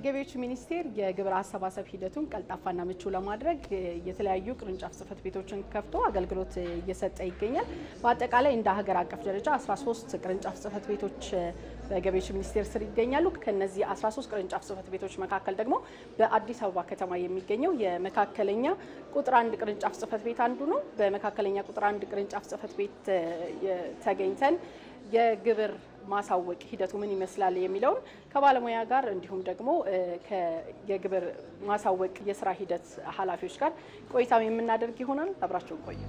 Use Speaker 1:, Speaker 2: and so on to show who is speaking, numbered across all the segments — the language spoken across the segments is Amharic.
Speaker 1: የገቢዎች ሚኒስቴር የግብር አሰባሰብ ሂደቱን ቀልጣፋና ምቹ ለማድረግ የተለያዩ ቅርንጫፍ ጽህፈት ቤቶችን ከፍቶ አገልግሎት እየሰጠ ይገኛል። በአጠቃላይ እንደ ሀገር አቀፍ ደረጃ 13 ቅርንጫፍ ጽህፈት ቤቶች በገቢዎች ሚኒስቴር ስር ይገኛሉ። ከነዚህ 13 ቅርንጫፍ ጽህፈት ቤቶች መካከል ደግሞ በአዲስ አበባ ከተማ የሚገኘው የመካከለኛ ቁጥር አንድ ቅርንጫፍ ጽህፈት ቤት አንዱ ነው። በመካከለኛ ቁጥር አንድ ቅርንጫፍ ጽህፈት ቤት ተገኝተን የግብር ማሳወቅ ሂደቱ ምን ይመስላል የሚለውን ከባለሙያ ጋር እንዲሁም ደግሞ የግብር ማሳወቅ የስራ ሂደት ኃላፊዎች ጋር ቆይታ የምናደርግ ይሆናል። አብራቸውን ቆዩ።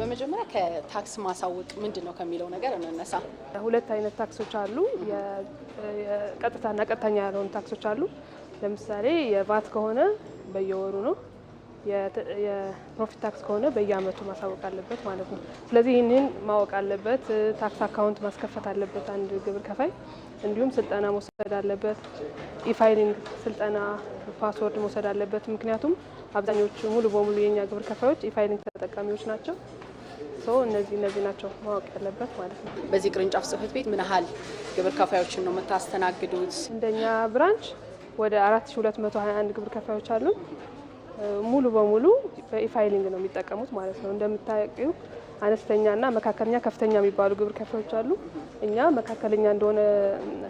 Speaker 1: በመጀመሪያ ከታክስ ማሳወቅ ምንድን ነው ከሚለው ነገር እንነሳ።
Speaker 2: ሁለት አይነት ታክሶች አሉ። ቀጥታና ቀጥተኛ ያልሆኑ ታክሶች አሉ። ለምሳሌ የቫት ከሆነ በየወሩ ነው፣ የፕሮፊት ታክስ ከሆነ በየአመቱ ማሳወቅ አለበት ማለት ነው። ስለዚህ ይህንን ማወቅ አለበት። ታክስ አካውንት ማስከፈት አለበት አንድ ግብር ከፋይ። እንዲሁም ስልጠና መውሰድ አለበት። ኢፋይሊንግ ስልጠና፣ ፓስወርድ መውሰድ አለበት። ምክንያቱም አብዛኞቹ ሙሉ በሙሉ የኛ ግብር ከፋዮች ኢፋይሊንግ ተጠቃሚዎች ናቸው። እነዚህ እነዚህ ናቸው ማወቅ ያለበት ማለት ነው።
Speaker 1: በዚህ ቅርንጫፍ ጽህፈት ቤት ምን ያህል ግብር ከፋዮችን ነው የምታስተናግዱት?
Speaker 2: እንደኛ ብራንች ወደ 4221 ግብር ከፋዮች አሉ። ሙሉ በሙሉ በኢፋይሊንግ ነው የሚጠቀሙት ማለት ነው። እንደምታውቂው አነስተኛና መካከለኛ፣ ከፍተኛ የሚባሉ ግብር ከፋዮች አሉ። እኛ መካከለኛ እንደሆነ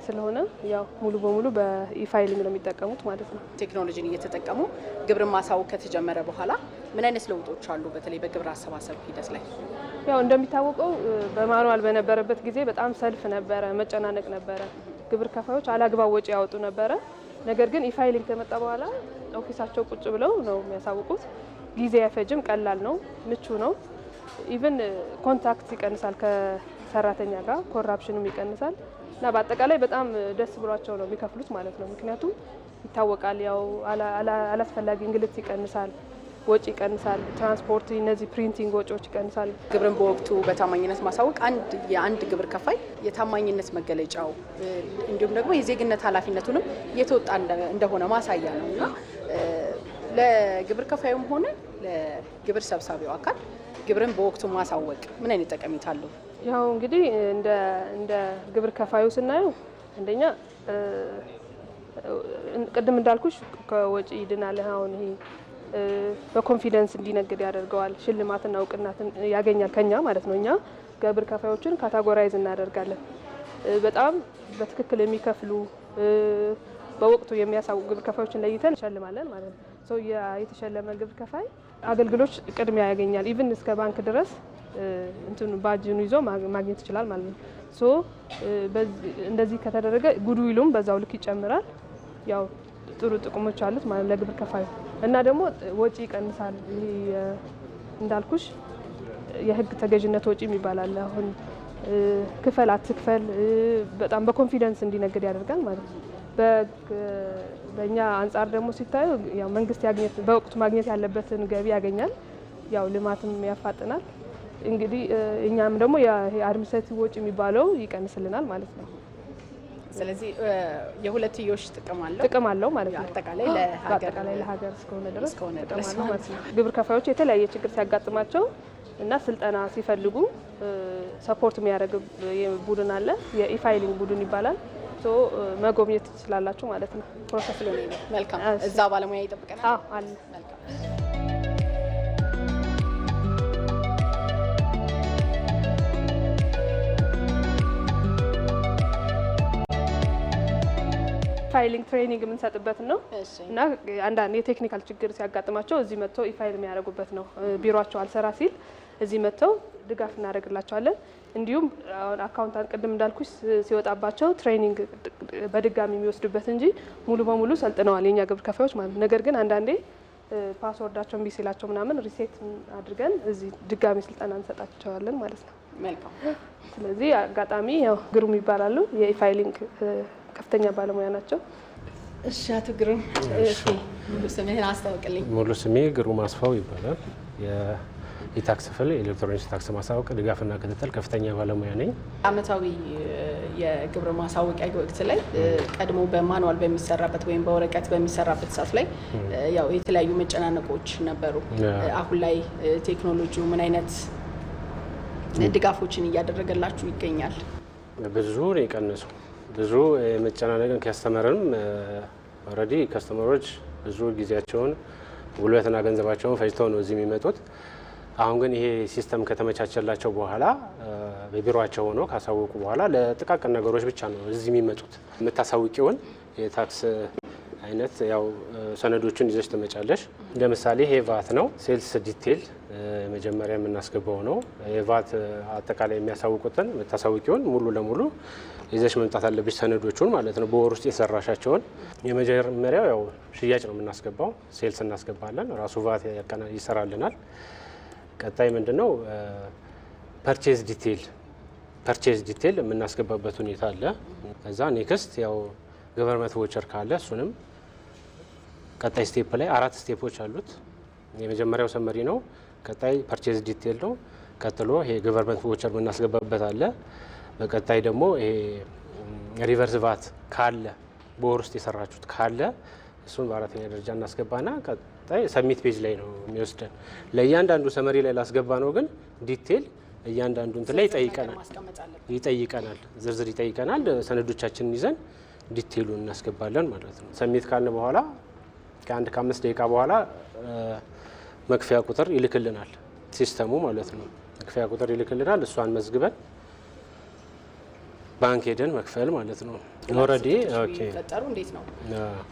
Speaker 2: ስለሆነ ያው ሙሉ በሙሉ በኢፋይሊንግ ነው የሚጠቀሙት ማለት ነው።
Speaker 1: ቴክኖሎጂን እየተጠቀሙ ግብርን ማሳወቅ ከተጀመረ በኋላ ምን አይነት ለውጦች አሉ? በተለይ በግብር አሰባሰብ ሂደት ላይ
Speaker 2: ያው እንደሚታወቀው በማኑዋል በነበረበት ጊዜ በጣም ሰልፍ ነበረ፣ መጨናነቅ ነበረ። ግብር ከፋዮች አላግባብ ወጪ ያወጡ ነበረ። ነገር ግን ኢፋይሊንግ ከመጣ በኋላ ኦፊሳቸው ቁጭ ብለው ነው የሚያሳውቁት። ጊዜ አይፈጅም፣ ቀላል ነው፣ ምቹ ነው። ኢቨን ኮንታክት ይቀንሳል ከሰራተኛ ጋር ኮራፕሽንም ይቀንሳል እና በአጠቃላይ በጣም ደስ ብሏቸው ነው የሚከፍሉት ማለት ነው። ምክንያቱም ይታወቃል፣ ያው አላስፈላጊ እንግልት ይቀንሳል። ወጪ ይቀንሳል። ትራንስፖርት፣ እነዚህ ፕሪንቲንግ ወጪዎች ይቀንሳል።
Speaker 1: ግብርን በወቅቱ በታማኝነት ማሳወቅ አንድ የአንድ ግብር ከፋይ የታማኝነት መገለጫው እንዲሁም ደግሞ የዜግነት ኃላፊነቱንም እየተወጣ እንደሆነ ማሳያ ነው እና ለግብር ከፋዩም ሆነ ለግብር ሰብሳቢው አካል ግብርን በወቅቱ ማሳወቅ ምን አይነት ጠቀሜታ አለው?
Speaker 2: ያው እንግዲህ እንደ ግብር ከፋዩ ስናየው አንደኛ ቅድም እንዳልኩሽ ከወጪ ይድናል። አሁን ይሄ በኮንፊደንስ እንዲነግድ ያደርገዋል። ሽልማትና እውቅናትን ያገኛል ከኛ ማለት ነው። እኛ ግብር ከፋዮችን ካታጎራይዝ እናደርጋለን። በጣም በትክክል የሚከፍሉ በወቅቱ የሚያሳውቁ ግብር ከፋዮችን ለይተን እንሸልማለን ማለት ነው። ሰው የተሸለመ ግብር ከፋይ አገልግሎች ቅድሚያ ያገኛል። ኢቭን እስከ ባንክ ድረስ እንትን ባጅኑ ይዞ ማግኘት ይችላል ማለት ነው። ሶ እንደዚህ ከተደረገ ጉድዊሉም በዛው ልክ ይጨምራል ያው ጥሩ ጥቅሞች አሉት ማለት ለግብር ከፋዩ እና ደግሞ ወጪ ይቀንሳል። ይሄ እንዳልኩሽ የህግ ተገዥነት ወጪ የሚባል አለ። አሁን ክፈል አትክፈል በጣም በኮንፊደንስ እንዲነግድ ያደርጋል ማለት ነው። በእኛ አንጻር ደግሞ ሲታዩ መንግስት ያግኘት በወቅቱ ማግኘት ያለበትን ገቢ ያገኛል። ያው ልማትም ያፋጥናል። እንግዲህ እኛም ደግሞ የአድሚኒስትሬቲቭ ወጪ የሚባለው ይቀንስልናል ማለት ነው።
Speaker 1: ስለዚህ የሁለትዮሽ ጥቅም አለው
Speaker 2: ጥቅም አለው ማለት ነው። አጠቃላይ ለሀገር
Speaker 1: እስከሆነ ድረስ
Speaker 2: ግብር ከፋዮች የተለያየ ችግር ሲያጋጥማቸው እና ስልጠና ሲፈልጉ ሰፖርት የሚያደርግ ቡድን አለ። የኢፋይሊንግ ቡድን ይባላል። መጎብኘት ትችላላችሁ ማለት ነው። ፕሮሰስ ላይ
Speaker 1: መልካም። እዛ ባለሙያ ይጠብቀናል
Speaker 2: አለ። ፋይሊንግ ትሬኒንግ የምንሰጥበት ነው እና አንዳንድ የቴክኒካል ችግር ሲያጋጥማቸው እዚህ መጥተው ኢፋይል የሚያደርጉበት ነው። ቢሮቸው አልሰራ ሲል እዚህ መጥተው ድጋፍ እናደርግላቸዋለን። እንዲሁም አሁን አካውንታንት ቅድም እንዳልኩሽ ሲወጣባቸው ትሬኒንግ በድጋሚ የሚወስዱበት እንጂ ሙሉ በሙሉ ሰልጥነዋል የኛ ግብር ከፋዮች ማለት ነው። ነገር ግን አንዳንዴ ፓስወርዳቸው ቢሲላቸው ሲላቸው ምናምን ሪሴት አድርገን እዚህ ድጋሚ ስልጠና እንሰጣቸዋለን ማለት ነው። ስለዚህ አጋጣሚ ያው ግሩም ይባላሉ የኢፋይሊንግ ከፍተኛ ባለሙያ ናቸው።
Speaker 1: እሺ አቶ ግሩም ሙሉ ስምህን አስታውቅልኝ። ሙሉ ስሜ ግሩም አስፋው ይባላል።
Speaker 3: የታክስ ፍል የኤሌክትሮኒክስ ታክስ ማሳወቅ ድጋፍና ክትትል ከፍተኛ ባለሙያ ነኝ።
Speaker 1: አመታዊ የግብር ማሳወቂያ ወቅት ላይ ቀድሞ በማንዋል በሚሰራበት ወይም በወረቀት በሚሰራበት ሰዓት ላይ ያው የተለያዩ መጨናነቆች ነበሩ። አሁን ላይ ቴክኖሎጂው ምን አይነት ድጋፎችን እያደረገላችሁ ይገኛል?
Speaker 3: ብዙ ነው የቀነሰው ብዙ የመጨናነቅን ከስተመርም ኦልሬዲ ከስተመሮች ብዙ ጊዜያቸውን ጉልበትና ገንዘባቸውን ፈጅተው ነው እዚህ የሚመጡት። አሁን ግን ይሄ ሲስተም ከተመቻቸላቸው በኋላ በቢሮቸው ሆነው ካሳወቁ በኋላ ለጥቃቅን ነገሮች ብቻ ነው እዚህ የሚመጡት። የምታሳውቂውን የታክስ አይነት ያው ሰነዶቹን ይዘሽ ትመጫለሽ። ለምሳሌ ይሄ ቫት ነው፣ ሴልስ ዲቴል መጀመሪያ የምናስገባው ነው። የቫት አጠቃላይ የሚያሳውቁትን የምታሳውቂውን ሙሉ ለሙሉ ይዘሽ መምጣት አለብሽ፣ ሰነዶቹን ማለት ነው። በወር ውስጥ የሰራሻቸውን። የመጀመሪያው ያው ሽያጭ ነው የምናስገባው፣ ሴልስ እናስገባለን፣ ራሱ ቫት ይሰራልናል። ቀጣይ ምንድን ነው ፐርቼዝ ዲቴል ፐርቼዝ ዲቴል የምናስገባበት ሁኔታ አለ። ከዛ ኔክስት ያው ገቨርመንት ቮቸር ካለ እሱንም ቀጣይ ስቴፕ ላይ አራት ስቴፖች አሉት። የመጀመሪያው ሰመሪ ነው። ቀጣይ ፐርቼዝ ዲቴል ነው። ቀጥሎ ይሄ ገቨርንመንት ቮቸር የምናስገባበት አለ። በቀጣይ ደግሞ ይሄ ሪቨርስ ቫት ካለ በወር ውስጥ የሰራችሁት ካለ እሱን በአራተኛ ደረጃ እናስገባና ቀጣይ ሰሚት ፔጅ ላይ ነው የሚወስደን። ለእያንዳንዱ ሰመሪ ላይ ላስገባ ነው ግን ዲቴል እያንዳንዱ እንትን ላይ ይጠይቀናል ይጠይቀናል ዝርዝር ይጠይቀናል። ሰነዶቻችንን ይዘን ዲቴሉ እናስገባለን ማለት ነው። ሰሚት ካለ በኋላ ከአንድ ከአምስት ደቂቃ በኋላ መክፈያ ቁጥር ይልክልናል ሲስተሙ ማለት ነው። መክፈያ ቁጥር ይልክልናል። እሷን መዝግበን ባንክ ሄደን መክፈል ማለት ነው። ኦልሬዲ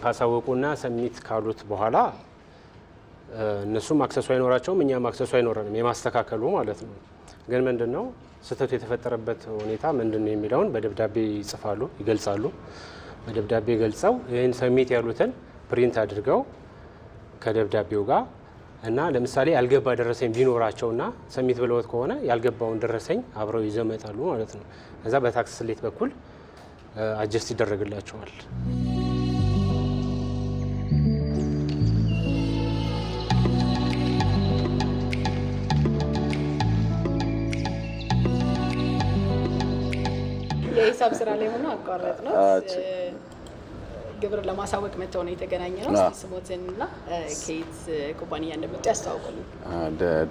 Speaker 3: ካሳወቁና ሰሚት ካሉት በኋላ እነሱም አክሰሱ አይኖራቸውም፣ እኛም አክሰሱ አይኖረንም የማስተካከሉ ማለት ነው። ግን ምንድን ነው ስህተቱ የተፈጠረበት ሁኔታ ምንድን ነው የሚለውን በደብዳቤ ይጽፋሉ፣ ይገልጻሉ። በደብዳቤ ገልጸው ይህን ሰሚት ያሉትን ፕሪንት አድርገው ከደብዳቤው ጋር እና ለምሳሌ ያልገባ ደረሰኝ ቢኖራቸው እና ሰሚት ብለውት ከሆነ ያልገባውን ደረሰኝ አብረው ይዘመጣሉ ማለት ነው። እዛ በታክስ ስሌት በኩል አጀስት ይደረግላቸዋል።
Speaker 1: የሂሳብ ስራ ላይ ሆኖ አቋረጥ ነው። ግብር ለማሳወቅ መጥተው ነው የተገናኘ ነው። ስሞትንና ከየት ኩባንያ እንደመጡ ያስተዋውቁልን።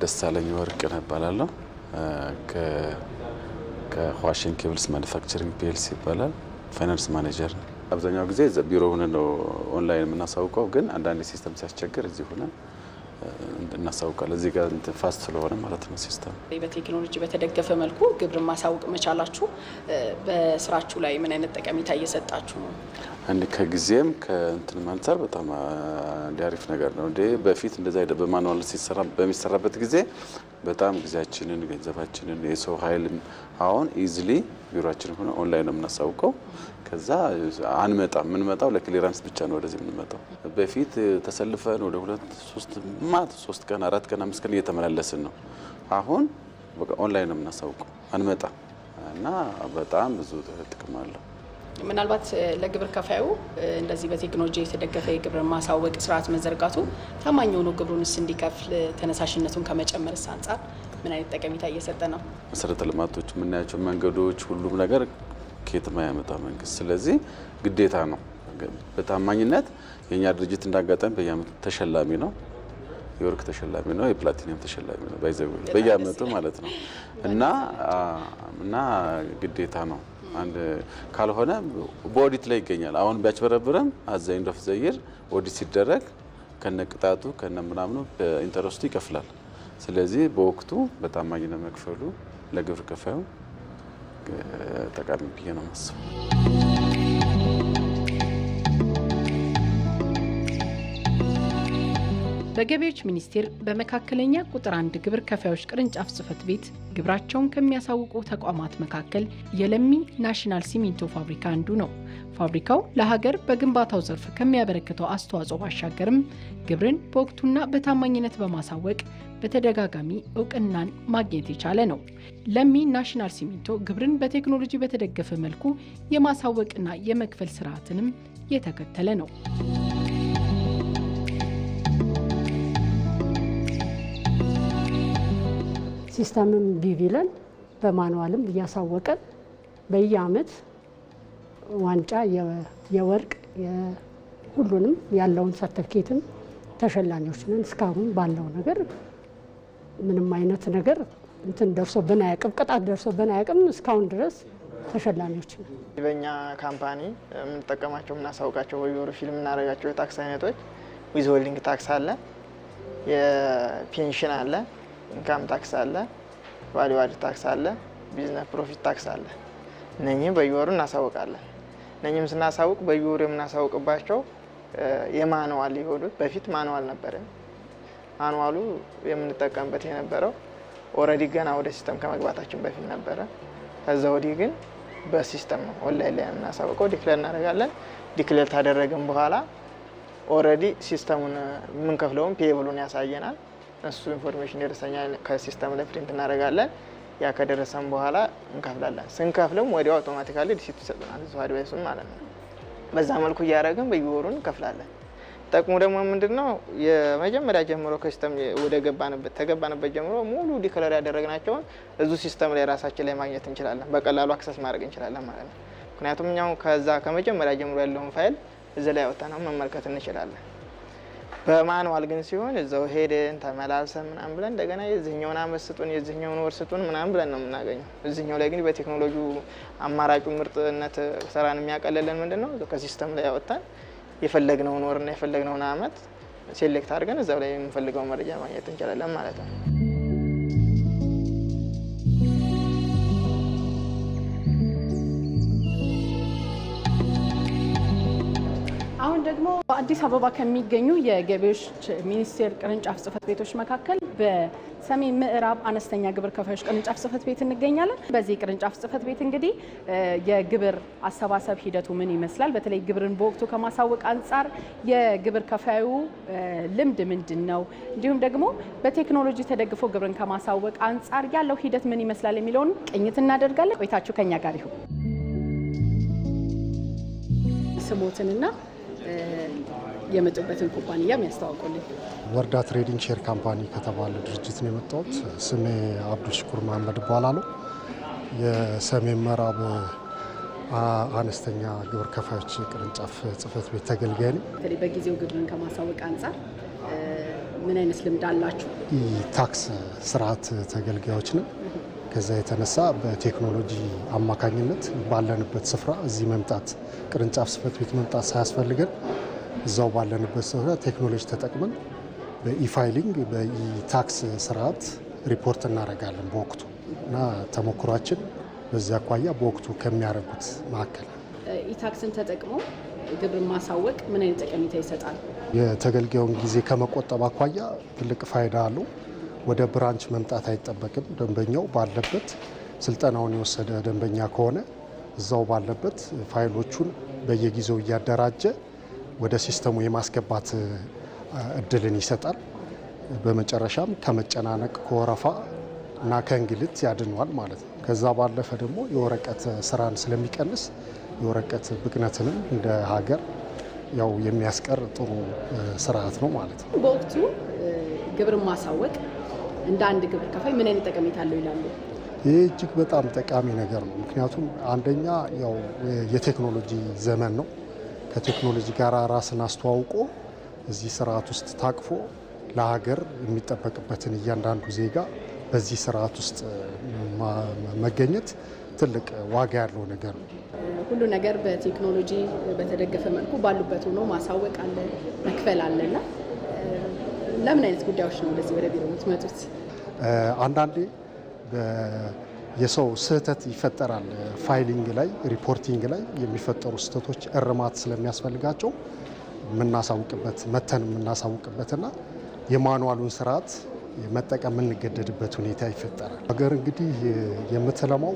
Speaker 3: ደሳለኝ ወርቅ እባላለሁ። ከዋሽን ኬብልስ ማኒፋክቸሪንግ ፒኤልሲ ይባላል። ፋይናንስ ማኔጀር ነው። አብዛኛው ጊዜ ቢሮ ሆነ ነው ኦንላይን የምናሳውቀው፣ ግን አንዳንድ ሲስተም ሲያስቸግር እዚህ ሆነ እናሳውቃል። እዚህ ጋር ፋስት ስለሆነ ማለት ነው ሲስተም።
Speaker 1: በቴክኖሎጂ በተደገፈ መልኩ ግብር ማሳወቅ መቻላችሁ በስራችሁ ላይ ምን አይነት ጠቀሜታ እየሰጣችሁ ነው?
Speaker 3: አንድ ከጊዜም ከእንትን አንጻር በጣም አሪፍ ነገር ነው። እንዴ በፊት እንደዛ በማኑዋል ሲሰራ በሚሰራበት ጊዜ በጣም ጊዜያችንን፣ ገንዘባችንን፣ የሰው ኃይልም አሁን ኢዝሊ ቢሮችን ሆነ ኦንላይን ነው የምናሳውቀው። ከዛ አንመጣም። የምንመጣው ለክሊራንስ ብቻ ነው ወደዚህ የምንመጣው። በፊት ተሰልፈን ወደ ሁለት ሶስት ማት ሶስት ቀን አራት ቀን አምስት ቀን እየተመላለስን ነው። አሁን ኦንላይን ነው የምናሳውቀው። አንመጣ እና በጣም ብዙ ጥቅም አለው።
Speaker 1: ምናልባት ለግብር ከፋዩ እንደዚህ በቴክኖሎጂ የተደገፈ የግብር ማሳወቅ ስርዓት መዘርጋቱ ታማኝ የሆኑ ግብሩንስ እንዲከፍል ተነሳሽነቱን ከመጨመርስ አንጻር ምን አይነት ጠቀሜታ እየሰጠ ነው?
Speaker 3: መሰረተ ልማቶች የምናያቸው መንገዶች፣ ሁሉም ነገር ከየት ያመጣ መንግስት። ስለዚህ ግዴታ ነው። በታማኝነት የእኛ ድርጅት እንዳጋጣሚ በየአመቱ ተሸላሚ ነው የወርቅ ተሸላሚ ነው። የፕላቲኒየም ተሸላሚ ነው። በየአመቱ ማለት ነው እና እና ግዴታ ነው። አንድ ካልሆነ በኦዲት ላይ ይገኛል። አሁን ቢያጭበረብረም አዛኝ ዶፍ ዘይር ኦዲት ሲደረግ ከነ ቅጣቱ ከነ ምናምኑ በኢንተረስቱ ይከፍላል። ስለዚህ በወቅቱ በታማኝነት መክፈሉ ለግብር ከፋዩ ጠቃሚ ብዬ ነው ማስበው።
Speaker 1: በገቢዎች ሚኒስቴር በመካከለኛ ቁጥር አንድ ግብር ከፋዮች ቅርንጫፍ ጽህፈት ቤት ግብራቸውን ከሚያሳውቁ ተቋማት መካከል የለሚ ናሽናል ሲሚንቶ ፋብሪካ አንዱ ነው። ፋብሪካው ለሀገር በግንባታው ዘርፍ ከሚያበረክተው አስተዋጽኦ ባሻገርም ግብርን በወቅቱና በታማኝነት በማሳወቅ በተደጋጋሚ እውቅናን ማግኘት የቻለ ነው። ለሚ ናሽናል ሲሚንቶ ግብርን በቴክኖሎጂ በተደገፈ መልኩ የማሳወቅና የመክፈል ስርዓትንም የተከተለ ነው።
Speaker 4: ሲስተምም ቢቢለን በማንዋልም እያሳወቀን በየአመት ዋንጫ የወርቅ ሁሉንም ያለውን ሰርተፍኬትም ተሸላሚዎች ነን። እስካሁን ባለው ነገር ምንም አይነት ነገር እንትን ደርሶብን አያውቅም፣ ቅጣት ደርሶብን አያውቅም። እስካሁን ድረስ ተሸላሚዎች ነን።
Speaker 5: በእኛ ካምፓኒ የምንጠቀማቸው የምናሳውቃቸው በየወሩ ፊልም የምናደርጋቸው የታክስ አይነቶች ዊዝ ሆልዲንግ ታክስ አለ፣ የፔንሽን አለ ኢንካም ታክስ አለ፣ ቫሊዩ አድ ታክስ አለ፣ ቢዝነስ ፕሮፊት ታክስ አለ። እነኚህ በየወሩ እናሳውቃለን። እነኚህም ስናሳውቅ በየወሩ የምናሳውቅባቸው የማንዋል የሆኑት በፊት ማንዋል ነበረ። ማንዋሉ የምንጠቀምበት የነበረው ኦልሬዲ ገና ወደ ሲስተም ከመግባታችን በፊት ነበረ። ከዛ ወዲህ ግን በሲስተም ነው ኦንላይን ላይ የምናሳውቀው። ዲክሌር እናደርጋለን። ዲክሌር ታደረግን በኋላ ኦልሬዲ ሲስተሙን የምንከፍለውን ፔብሉን ያሳየናል። እሱ ኢንፎርሜሽን ደርሰኛል። ከሲስተም ላይ ፕሪንት እናደርጋለን። ያ ከደረሰን በኋላ እንከፍላለን። ስንከፍልም ወዲያው አውቶማቲካሊ ሪሲፕት ይሰጡናል፣ እዚሁ አድቫይሱም ማለት ነው። በዛ መልኩ እያደረግን በየወሩ እንከፍላለን። ጠቅሙ ደግሞ ምንድን ነው? የመጀመሪያ ጀምሮ ከሲስተም ወደ ገባንበት ተገባንበት ጀምሮ ሙሉ ዲክለር ያደረግናቸውን እዙ ሲስተም ላይ ራሳችን ላይ ማግኘት እንችላለን፣ በቀላሉ አክሰስ ማድረግ እንችላለን ማለት ነው። ምክንያቱም እኛው ከዛ ከመጀመሪያ ጀምሮ ያለውን ፋይል እዚ ላይ አውጥተን መመልከት እንችላለን። በማንዋል ግን ሲሆን እዛው ሄደን ተመላልሰን ምናምን ብለን እንደገና የዚህኛውን አመት ስጡን የዚህኛውን ወር ስጡን ምናምን ብለን ነው የምናገኘው። እዚህኛው ላይ ግን በቴክኖሎጂ አማራጩ ምርጥነት ስራን የሚያቀልልን ምንድን ነው? ከሲስተም ላይ ያወጣን የፈለግነውን ወርና የፈለግነውን አመት ሴሌክት አድርገን እዛው ላይ የምንፈልገው መረጃ ማግኘት እንችላለን ማለት ነው።
Speaker 1: አሁን ደግሞ በአዲስ አበባ ከሚገኙ የገቢዎች ሚኒስቴር ቅርንጫፍ ጽህፈት ቤቶች መካከል በሰሜን ምዕራብ አነስተኛ ግብር ከፋዮች ቅርንጫፍ ጽህፈት ቤት እንገኛለን። በዚህ ቅርንጫፍ ጽህፈት ቤት እንግዲህ የግብር አሰባሰብ ሂደቱ ምን ይመስላል፣ በተለይ ግብርን በወቅቱ ከማሳወቅ አንጻር የግብር ከፋዩ ልምድ ምንድን ነው፣ እንዲሁም ደግሞ በቴክኖሎጂ ተደግፎ ግብርን ከማሳወቅ አንጻር ያለው ሂደት ምን ይመስላል የሚለውን ቅኝት እናደርጋለን። ቆይታችሁ ከኛ ጋር ይሁን። ስሞትንና የመጡበትን ኩባንያ ያስተዋውቁልኝ።
Speaker 6: ወርዳ ትሬዲንግ ሼር ካምፓኒ ከተባለ ድርጅት ነው የመጣሁት። ስሜ አብዱልሽኩር መሀመድ እባላለሁ። የሰሜን ምዕራብ አነስተኛ ግብር ከፋዮች ቅርንጫፍ ጽህፈት ቤት ተገልጋይ ነው።
Speaker 1: በተለይ በጊዜው ግብርን ከማሳወቅ አንጻር ምን አይነት ልምድ አላችሁ?
Speaker 6: ታክስ ስርዓት ተገልጋዮች ነው ከዛ የተነሳ በቴክኖሎጂ አማካኝነት ባለንበት ስፍራ እዚህ መምጣት ቅርንጫፍ ጽሕፈት ቤት መምጣት ሳያስፈልገን እዛው ባለንበት ስፍራ ቴክኖሎጂ ተጠቅመን በኢፋይሊንግ በኢታክስ ስርዓት ሪፖርት እናደርጋለን በወቅቱ እና ተሞክሯችን በዚ አኳያ በወቅቱ ከሚያደርጉት መካከል
Speaker 1: ኢታክስን ተጠቅሞ ግብር ማሳወቅ ምን አይነት ጠቀሜታ ይሰጣል?
Speaker 6: የተገልጋዩን ጊዜ ከመቆጠብ አኳያ ትልቅ ፋይዳ አለው። ወደ ብራንች መምጣት አይጠበቅም። ደንበኛው ባለበት ስልጠናውን የወሰደ ደንበኛ ከሆነ እዛው ባለበት ፋይሎቹን በየጊዜው እያደራጀ ወደ ሲስተሙ የማስገባት እድልን ይሰጣል። በመጨረሻም ከመጨናነቅ ከወረፋ እና ከእንግልት ያድነዋል ማለት ነው። ከዛ ባለፈ ደግሞ የወረቀት ስራን ስለሚቀንስ የወረቀት ብክነትንም እንደ ሀገር ያው የሚያስቀር ጥሩ ስርዓት ነው ማለት
Speaker 1: ነው። በወቅቱ ግብርን ማሳወቅ እንደ አንድ ግብር ከፋይ ምን አይነት ጠቀሜታ አለው ይላሉ?
Speaker 6: ይህ እጅግ በጣም ጠቃሚ ነገር ነው። ምክንያቱም አንደኛ ያው የቴክኖሎጂ ዘመን ነው። ከቴክኖሎጂ ጋር ራስን አስተዋውቆ እዚህ ስርዓት ውስጥ ታቅፎ ለሀገር የሚጠበቅበትን እያንዳንዱ ዜጋ በዚህ ስርዓት ውስጥ መገኘት ትልቅ ዋጋ ያለው ነገር ነው።
Speaker 1: ሁሉ ነገር በቴክኖሎጂ በተደገፈ መልኩ ባሉበት ሆኖ ማሳወቅ አለ፣ መክፈል አለና ለምን አይነት ጉዳዮች ነው ወደዚህ ወደ ቢሮ የምትመጡት?
Speaker 6: አንዳንዴ የሰው ስህተት ይፈጠራል። ፋይሊንግ ላይ ሪፖርቲንግ ላይ የሚፈጠሩ ስህተቶች እርማት ስለሚያስፈልጋቸው የምናሳውቅበት መተን የምናሳውቅበትና የማኑዋሉን ስርዓት መጠቀም የምንገደድበት ሁኔታ ይፈጠራል። ሀገር እንግዲህ የምትለማው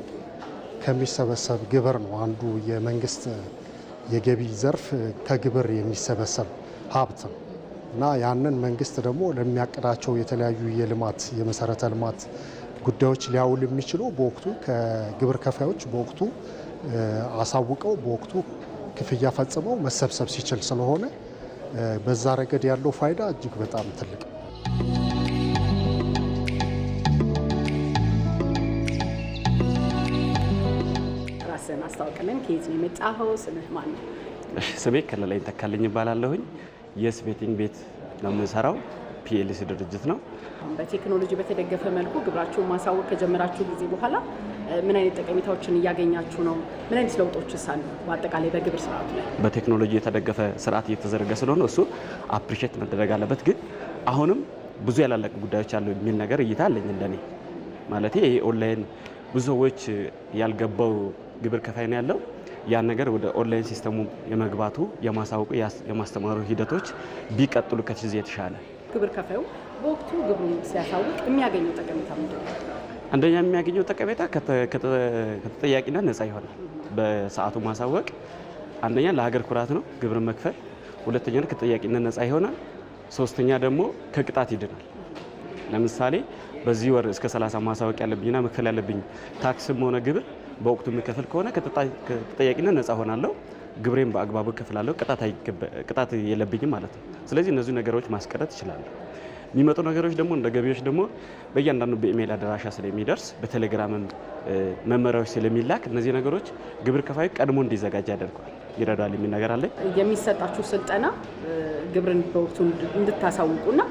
Speaker 6: ከሚሰበሰብ ግብር ነው። አንዱ የመንግስት የገቢ ዘርፍ ከግብር የሚሰበሰብ ሀብት ነው። እና ያንን መንግስት ደግሞ ለሚያቅዳቸው የተለያዩ የልማት የመሰረተ ልማት ጉዳዮች ሊያውል የሚችሉ በወቅቱ ከግብር ከፋዮች በወቅቱ አሳውቀው በወቅቱ ክፍያ ፈጽመው መሰብሰብ ሲችል ስለሆነ በዛ ረገድ ያለው ፋይዳ እጅግ በጣም ትልቅ።
Speaker 1: ራስን አስታውቅልን። ከየት ነው የመጣኸው? ስምህ ማን ነው?
Speaker 3: ስሜ ከለላይ ተካልኝ ይባላለሁኝ። የስ ቤቲንግ ቤት ነው የምንሰራው። ፒኤልሲ ድርጅት ነው።
Speaker 1: በቴክኖሎጂ በተደገፈ መልኩ ግብራችሁን ማሳወቅ ከጀመራችሁ ጊዜ በኋላ ምን አይነት ጠቀሜታዎችን እያገኛችሁ ነው? ምን አይነት ለውጦች ሳሉ በአጠቃላይ በግብር ስርዓቱ ላይ
Speaker 3: በቴክኖሎጂ የተደገፈ ስርዓት እየተዘረገ ስለሆነ እሱ አፕሪሼት መደረግ አለበት። ግን አሁንም ብዙ ያላለቁ ጉዳዮች አሉ የሚል ነገር እይታ አለኝ እንደኔ ማለት ይሄ ኦንላይን ብዙ ሰዎች ያልገባው ግብር ከፋይ ነው ያለው ያን ነገር ወደ ኦንላይን ሲስተሙ የመግባቱ የማሳወቁ የማስተማሩ ሂደቶች ቢቀጥሉ ከዚህ የተሻለ
Speaker 1: ግብር ከፋዩ በወቅቱ ግብሩን ሲያሳውቅ የሚያገኘው ጠቀሜታ ምንድን ነው?
Speaker 3: አንደኛ የሚያገኘው ጠቀሜታ ከተጠያቂነት ነፃ ይሆናል። በሰዓቱ ማሳወቅ አንደኛ ለሀገር ኩራት ነው ግብር መክፈል፣ ሁለተኛ ከተጠያቂነት ነፃ ይሆናል፣ ሶስተኛ ደግሞ ከቅጣት ይድናል። ለምሳሌ በዚህ ወር እስከ 30 ማሳወቅ ያለብኝና መክፈል ያለብኝ ታክስም ሆነ ግብር በወቅቱ የምከፍል ከሆነ ከተጠያቂነት ነፃ ሆናለሁ። ግብሬን በአግባቡ እከፍላለሁ። ቅጣት የለብኝም ማለት ነው። ስለዚህ እነዚህ ነገሮች ማስቀረት ይችላለሁ። የሚመጡ ነገሮች ደግሞ እንደ ገቢዎች ደግሞ በእያንዳንዱ በኢሜይል አድራሻ ስለሚደርስ በቴሌግራምም መመሪያዎች ስለሚላክ እነዚህ ነገሮች ግብር ከፋዩ ቀድሞ እንዲዘጋጅ ያደርገዋል። ይረዳል የሚል ነገር አለ።
Speaker 1: የሚሰጣችሁ ስልጠና ግብርን በወቅቱ እንድታሳውቁና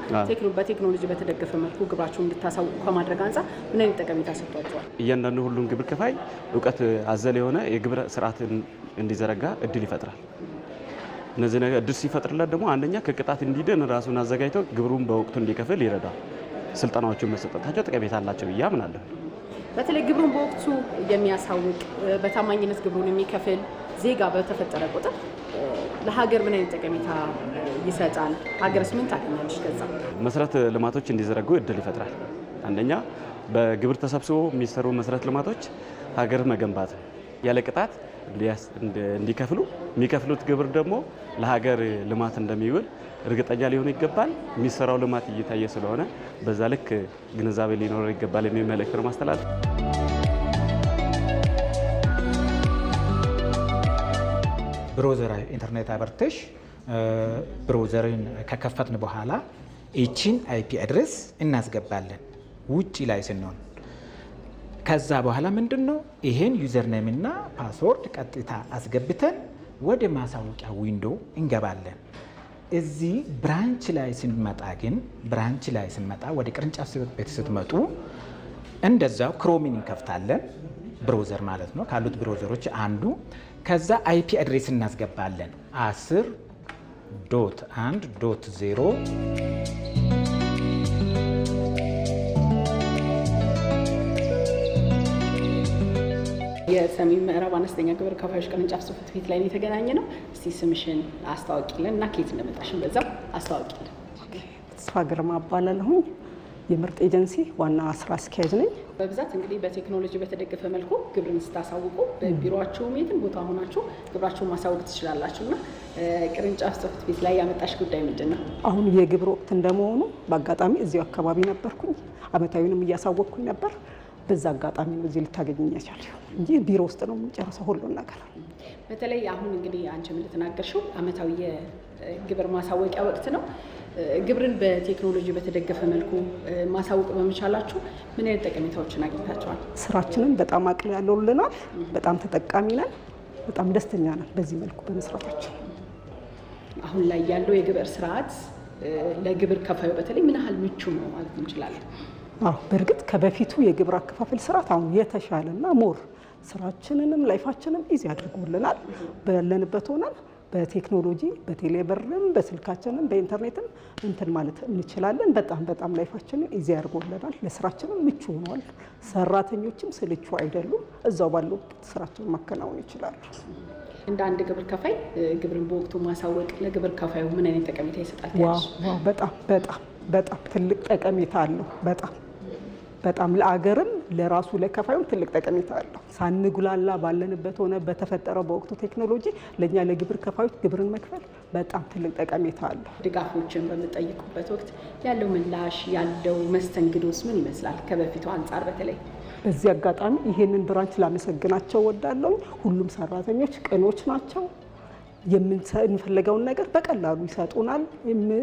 Speaker 1: በቴክኖሎጂ በተደገፈ መልኩ ግብራችሁ እንድታሳውቁ ከማድረግ አንጻር ምን አይነት ጠቀሜታ ሰጥቷቸዋል?
Speaker 3: እያንዳንዱ ሁሉም ግብር ከፋይ እውቀት አዘል የሆነ የግብር ስርዓት እንዲዘረጋ እድል ይፈጥራል። እነዚህ ነገር እድል ሲፈጥርለት ደግሞ አንደኛ ከቅጣት እንዲድን ራሱን አዘጋጅቶ ግብሩን በወቅቱ እንዲከፍል ይረዳል። ስልጠናዎቹን መሰጠታቸው ጠቀሜታ አላቸው ብዬ አምናለሁ።
Speaker 1: በተለይ ግብሩን በወቅቱ የሚያሳውቅ በታማኝነት ግብሩን የሚከፍል ዜጋ በተፈጠረ ቁጥር ለሀገር ምን አይነት ጠቀሜታ ይሰጣል? ሀገርስ ምን ታገኛለች? ከዛ
Speaker 3: መሰረተ ልማቶች እንዲዘረጉ እድል ይፈጥራል። አንደኛ በግብር ተሰብስቦ የሚሰሩ መሰረተ ልማቶች ሀገር መገንባት ያለ ቅጣት እንዲከፍሉ የሚከፍሉት ግብር ደግሞ ለሀገር ልማት እንደሚውል እርግጠኛ ሊሆኑ ይገባል። የሚሰራው ልማት እየታየ ስለሆነ በዛ ልክ ግንዛቤ ሊኖረው ይገባል የሚል መልእክት ነው ማስተላለፍ
Speaker 7: ብሮዘር ኢንተርኔት አበርተሽ ብሮዘርን ከከፈትን በኋላ ይቺን አይፒ አድሬስ እናስገባለን ውጭ ላይ ስንሆን። ከዛ በኋላ ምንድን ነው ይሄን ዩዘርኔም እና ፓስወርድ ቀጥታ አስገብተን ወደ ማሳወቂያ ዊንዶ እንገባለን። እዚህ ብራንች ላይ ስንመጣ ግን ብራንች ላይ ስንመጣ ወደ ቅርንጫፍ ቤት ስትመጡ እንደዛው ክሮሚን እንከፍታለን። ብሮዘር ማለት ነው ካሉት ብሮዘሮች አንዱ ከዛ አይፒ አድሬስ እናስገባለን አስር ዶት አንድ ዶት ዜሮ
Speaker 1: የሰሜን ምዕራብ አነስተኛ ግብር ከፋዮች ቅርንጫፍ ጽሕፈት ቤት ላይ የተገናኘ ነው። እስቲ ስምሽን አስታወቂልን እና ከየት እንደመጣሽን በዛው አስታወቂልን። ተስፋ ግርማ እባላለሁኝ የምርት ኤጀንሲ ዋና ስራ አስኪያጅ ነኝ። በብዛት እንግዲህ በቴክኖሎጂ በተደገፈ መልኩ ግብርን ስታሳውቁ በቢሮችሁ የትም ቦታ ሆናችሁ ግብራቸው ማሳወቅ ትችላላችሁ እና ቅርንጫፍ ጽሕፈት ቤት ላይ ያመጣሽ ጉዳይ ምንድን ነው? አሁን የግብር ወቅት እንደመሆኑ በአጋጣሚ እዚሁ አካባቢ ነበርኩኝ። አመታዊንም እያሳወቅኩኝ ነበር። በዛ አጋጣሚ ነው እዚህ ልታገኝ ያቻል እንጂ ቢሮ ውስጥ ነው የምንጨርሰው ሁሉን ነገር። በተለይ አሁን እንግዲህ አንቺም እንደተናገርሽው አመታዊ የግብር ማሳወቂያ ወቅት ነው። ግብርን በቴክኖሎጂ በተደገፈ መልኩ ማሳወቅ በመቻላችሁ ምን አይነት ጠቀሜታዎችን አግኝታቸዋል? ስራችንን በጣም ያለውልናል በጣም ተጠቃሚ ነን። በጣም ደስተኛ ነን በዚህ መልኩ በመስራታችን። አሁን ላይ ያለው የግብር ስርዓት ለግብር ከፋዩ በተለይ ምን ያህል ምቹ ነው ማለት እንችላለን? በእርግጥ ከበፊቱ የግብር አከፋፈል ስርዓት አሁን የተሻለና ሞር ስራችንንም ላይፋችንም ኢዚ አድርጎልናል። በያለንበት ሆነን በቴክኖሎጂ በቴሌብርም በስልካችንም በኢንተርኔትም እንትን ማለት እንችላለን። በጣም በጣም ላይፋችንን ኢዚ ያድርጎልናል። ለስራችንም ምቹ ሆኗል። ሰራተኞችም ስልቹ አይደሉም። እዛው ባሉበት ስራቸውን ማከናወን ይችላሉ። እንደ አንድ ግብር ከፋይ ግብርን በወቅቱ ማሳወቅ ለግብር ከፋዩ ምን አይነት ጠቀሜታ ይሰጣል? በጣም በጣም በጣም ትልቅ ጠቀሜታ አለው። በጣም በጣም ለአገርም ለራሱ ለከፋዩም ትልቅ ጠቀሜታ አለው። ሳንጉላላ ባለንበት ሆነ በተፈጠረው በወቅቱ ቴክኖሎጂ ለእኛ ለግብር ከፋዮች ግብርን መክፈል በጣም ትልቅ ጠቀሜታ አለው። ድጋፎችን በምጠይቁበት ወቅት ያለው ምላሽ ያለው መስተንግዶስ ምን ይመስላል? ከበፊቱ አንጻር በተለይ በዚህ አጋጣሚ ይህንን ብራንች ላመሰግናቸው ወዳለሁ። ሁሉም ሰራተኞች ቅኖች ናቸው። የምንፈልገውን ነገር በቀላሉ ይሰጡናል።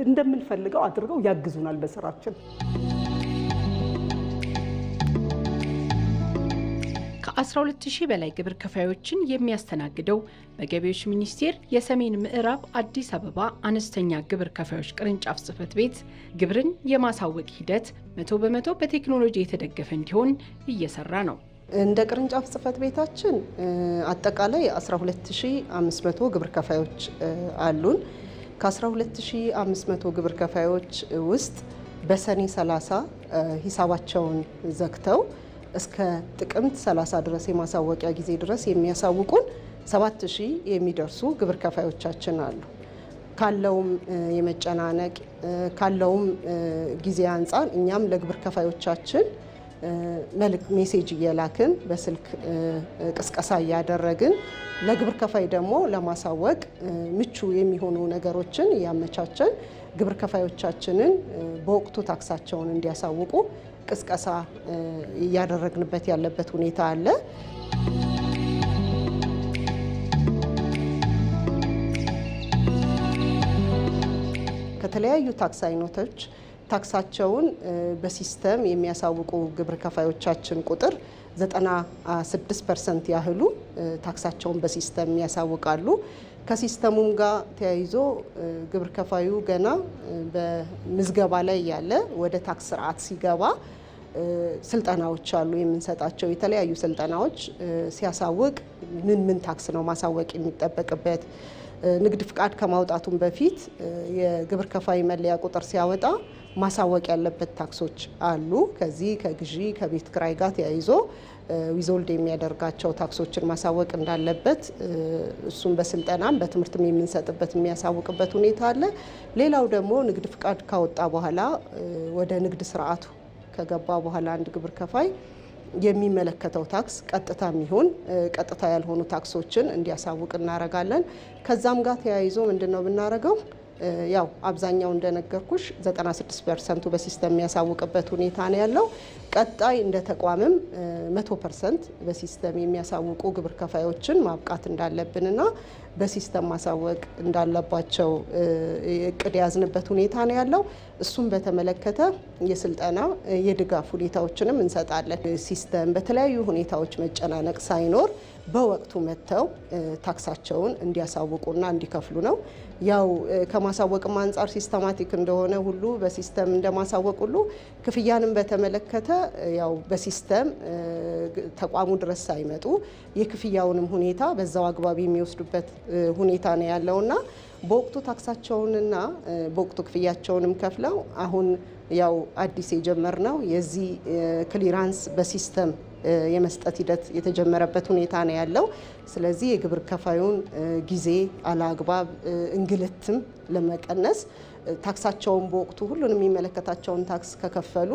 Speaker 1: እንደምንፈልገው አድርገው ያግዙናል በስራችን 12000 12 በላይ ግብር ከፋዮችን የሚያስተናግደው በገቢዎች ሚኒስቴር የሰሜን ምዕራብ አዲስ አበባ አነስተኛ ግብር ከፋዮች ቅርንጫፍ ጽህፈት ቤት ግብርን የማሳወቅ ሂደት መቶ በመቶ በቴክኖሎጂ የተደገፈ እንዲሆን እየሰራ ነው።
Speaker 8: እንደ ቅርንጫፍ ጽህፈት ቤታችን አጠቃላይ 12500 ግብር ከፋዮች አሉን። ከ12500 ግብር ከፋዮች ውስጥ በሰኔ 30 ሂሳባቸውን ዘግተው እስከ ጥቅምት 30 ድረስ የማሳወቂያ ጊዜ ድረስ የሚያሳውቁን 7000 የሚደርሱ ግብር ከፋዮቻችን አሉ። ካለውም የመጨናነቅ ካለውም ጊዜ አንጻር እኛም ለግብር ከፋዮቻችን መልክ ሜሴጅ እየላክን በስልክ ቅስቀሳ እያደረግን ለግብር ከፋይ ደግሞ ለማሳወቅ ምቹ የሚሆኑ ነገሮችን እያመቻቸን ግብር ከፋዮቻችንን በወቅቱ ታክሳቸውን እንዲያሳውቁ ቅስቀሳ እያደረግንበት ያለበት ሁኔታ አለ። ከተለያዩ ታክስ አይነቶች ታክሳቸውን በሲስተም የሚያሳውቁ ግብር ከፋዮቻችን ቁጥር 96 ፐርሰንት ያህሉ ታክሳቸውን በሲስተም ያሳውቃሉ። ከሲስተሙም ጋር ተያይዞ ግብር ከፋዩ ገና በምዝገባ ላይ ያለ ወደ ታክስ ስርዓት ሲገባ ስልጠናዎች አሉ የምንሰጣቸው የተለያዩ ስልጠናዎች ሲያሳውቅ ምን ምን ታክስ ነው ማሳወቅ የሚጠበቅበት ንግድ ፍቃድ ከማውጣቱም በፊት የግብር ከፋይ መለያ ቁጥር ሲያወጣ ማሳወቅ ያለበት ታክሶች አሉ። ከዚህ ከግዢ ከቤት ክራይ ጋር ተያይዞ ዊዞልድ የሚያደርጋቸው ታክሶችን ማሳወቅ እንዳለበት እሱም በስልጠናም በትምህርትም የምንሰጥበት የሚያሳውቅበት ሁኔታ አለ። ሌላው ደግሞ ንግድ ፍቃድ ካወጣ በኋላ ወደ ንግድ ስርዓቱ ከገባ በኋላ አንድ ግብር ከፋይ የሚመለከተው ታክስ ቀጥታ የሚሆን ቀጥታ ያልሆኑ ታክሶችን እንዲያሳውቅ እናረጋለን። ከዛም ጋር ተያይዞ ምንድን ነው ብናረገው ያው አብዛኛው እንደነገርኩሽ 96 ፐርሰንቱ በሲስተም የሚያሳውቅበት ሁኔታ ነው ያለው። ቀጣይ እንደ ተቋምም መቶ ፐርሰንት በሲስተም የሚያሳውቁ ግብር ከፋዮችን ማብቃት እንዳለብንና በሲስተም ማሳወቅ እንዳለባቸው እቅድ የያዝንበት ሁኔታ ነው ያለው። እሱም በተመለከተ የስልጠና የድጋፍ ሁኔታዎችንም እንሰጣለን። ሲስተም በተለያዩ ሁኔታዎች መጨናነቅ ሳይኖር በወቅቱ መጥተው ታክሳቸውን እንዲያሳውቁና እንዲከፍሉ ነው። ያው ከማሳወቅም አንጻር ሲስተማቲክ እንደሆነ ሁሉ በሲስተም እንደማሳወቅ ሁሉ ክፍያንም በተመለከተ ያው በሲስተም ተቋሙ ድረስ ሳይመጡ የክፍያውንም ሁኔታ በዛው አግባብ የሚወስዱበት ሁኔታ ነው ያለውና በወቅቱ ታክሳቸውንና በወቅቱ ክፍያቸውንም ከፍለው አሁን ያው አዲስ የጀመርነው የዚህ ክሊራንስ በሲስተም የመስጠት ሂደት የተጀመረበት ሁኔታ ነው ያለው። ስለዚህ የግብር ከፋዩን ጊዜ አላግባብ እንግልትም ለመቀነስ ታክሳቸውን በወቅቱ ሁሉንም የሚመለከታቸውን ታክስ ከከፈሉ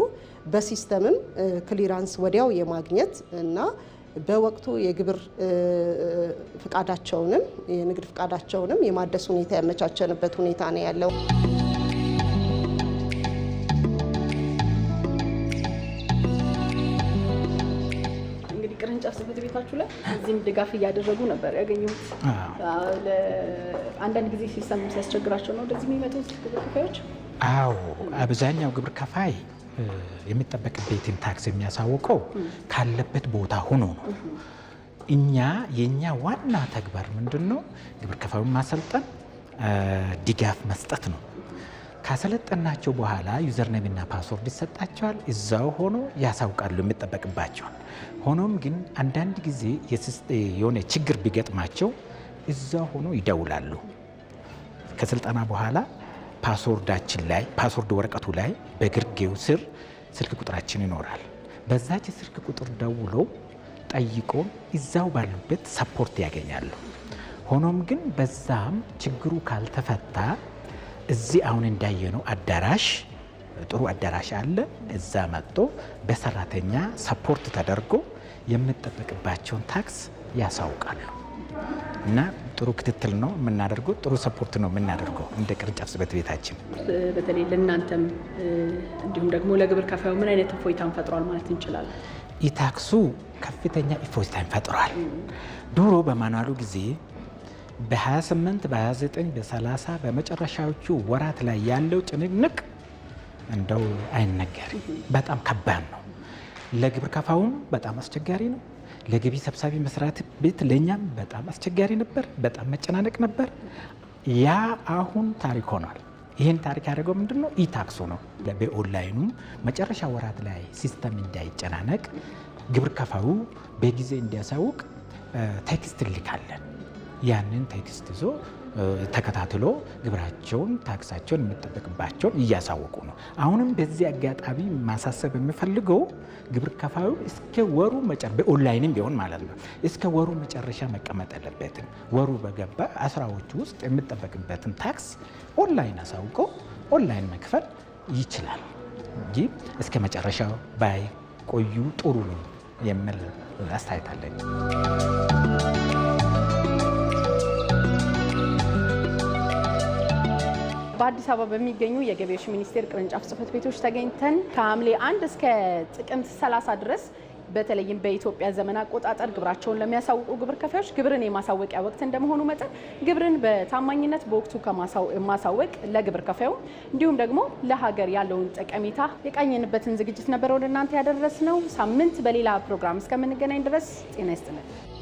Speaker 8: በሲስተምም ክሊራንስ ወዲያው የማግኘት እና በወቅቱ የግብር ፍቃዳቸውንም የንግድ ፍቃዳቸውንም የማደስ ሁኔታ ያመቻቸንበት ሁኔታ ነው ያለው።
Speaker 1: በነገራችሁ ላይ እዚህም ድጋፍ እያደረጉ ነበር ያገኘሁት። አንዳንድ ጊዜ ሲሰም ሲያስቸግራቸው ነው ወደዚህ የሚመጡት ግብር ከፋዮች።
Speaker 7: አዎ አብዛኛው ግብር ከፋይ የሚጠበቅበትን ታክስ የሚያሳውቀው ካለበት ቦታ ሆኖ ነው። እኛ የእኛ ዋና ተግባር ምንድን ነው? ግብር ከፋዩን ማሰልጠን፣ ድጋፍ መስጠት ነው። ካሰለጠናቸው በኋላ ዩዘርኔም እና ፓስወርድ ይሰጣቸዋል። እዛው ሆኖ ያሳውቃሉ የሚጠበቅባቸውን። ሆኖም ግን አንዳንድ ጊዜ የሆነ ችግር ቢገጥማቸው እዛው ሆኖ ይደውላሉ። ከስልጠና በኋላ ፓስወርዳችን ላይ ፓስወርድ ወረቀቱ ላይ በግርጌው ስር ስልክ ቁጥራችን ይኖራል። በዛች ስልክ ቁጥር ደውሎ ጠይቆ እዛው ባሉበት ሰፖርት ያገኛሉ። ሆኖም ግን በዛም ችግሩ ካልተፈታ እዚህ አሁን እንዳየነው አዳራሽ ጥሩ አዳራሽ አለ። እዛ መጥቶ በሰራተኛ ሰፖርት ተደርጎ የምንጠበቅባቸውን ታክስ ያሳውቃሉ እና ጥሩ ክትትል ነው የምናደርገው፣ ጥሩ ሰፖርት ነው የምናደርገው እንደ ቅርንጫፍ ጽሕፈት ቤታችን።
Speaker 1: በተለይ ለእናንተም እንዲሁም ደግሞ ለግብር ከፋዩ ምን አይነት እፎይታን ፈጥሯል ማለት እንችላለን?
Speaker 7: ኢታክሱ ከፍተኛ እፎይታን ፈጥሯል። ድሮ በማንዋሉ ጊዜ በ28 በ29 በ30 በመጨረሻዎቹ ወራት ላይ ያለው ጭንቅንቅ እንደው አይነገርም። በጣም ከባድ ነው። ለግብር ከፋውም በጣም አስቸጋሪ ነው። ለገቢ ሰብሳቢ መስራት ቤት ለእኛም በጣም አስቸጋሪ ነበር። በጣም መጨናነቅ ነበር። ያ አሁን ታሪክ ሆኗል። ይህን ታሪክ ያደረገው ምንድን ነው? ኢታክሱ ነው። በኦንላይኑ መጨረሻ ወራት ላይ ሲስተም እንዳይጨናነቅ ግብር ከፋው በጊዜ እንዲያሳውቅ ቴክስት ልካለን ያንን ቴክስት ይዞ ተከታትሎ ግብራቸውን፣ ታክሳቸውን የሚጠበቅባቸውን እያሳወቁ ነው። አሁንም በዚህ አጋጣሚ ማሳሰብ የምፈልገው ግብር ከፋዩ እስከ ወሩ መጨረ በኦንላይንም ቢሆን ማለት ነው እስከ ወሩ መጨረሻ መቀመጥ ያለበትን ወሩ በገባ አስራዎቹ ውስጥ የምጠበቅበትን ታክስ ኦንላይን አሳውቀው ኦንላይን መክፈል ይችላል እንጂ እስከ መጨረሻው ባይቆዩ ጥሩ ነው የሚል አስተያየት አለኝ።
Speaker 1: በአዲስ አበባ በሚገኙ የገቢዎች ሚኒስቴር ቅርንጫፍ ጽህፈት ቤቶች ተገኝተን ከሐምሌ አንድ እስከ ጥቅምት 30 ድረስ በተለይም በኢትዮጵያ ዘመን አቆጣጠር ግብራቸውን ለሚያሳውቁ ግብር ከፋዮች ግብርን የማሳወቂያ ወቅት እንደመሆኑ መጠን ግብርን በታማኝነት በወቅቱ ማሳወቅ ለግብር ከፋዩ እንዲሁም ደግሞ ለሀገር ያለውን ጠቀሜታ የቃኘንበትን ዝግጅት ነበር ወደ እናንተ ያደረስነው። ሳምንት በሌላ ፕሮግራም እስከምንገናኝ ድረስ ጤና ይስጥልን።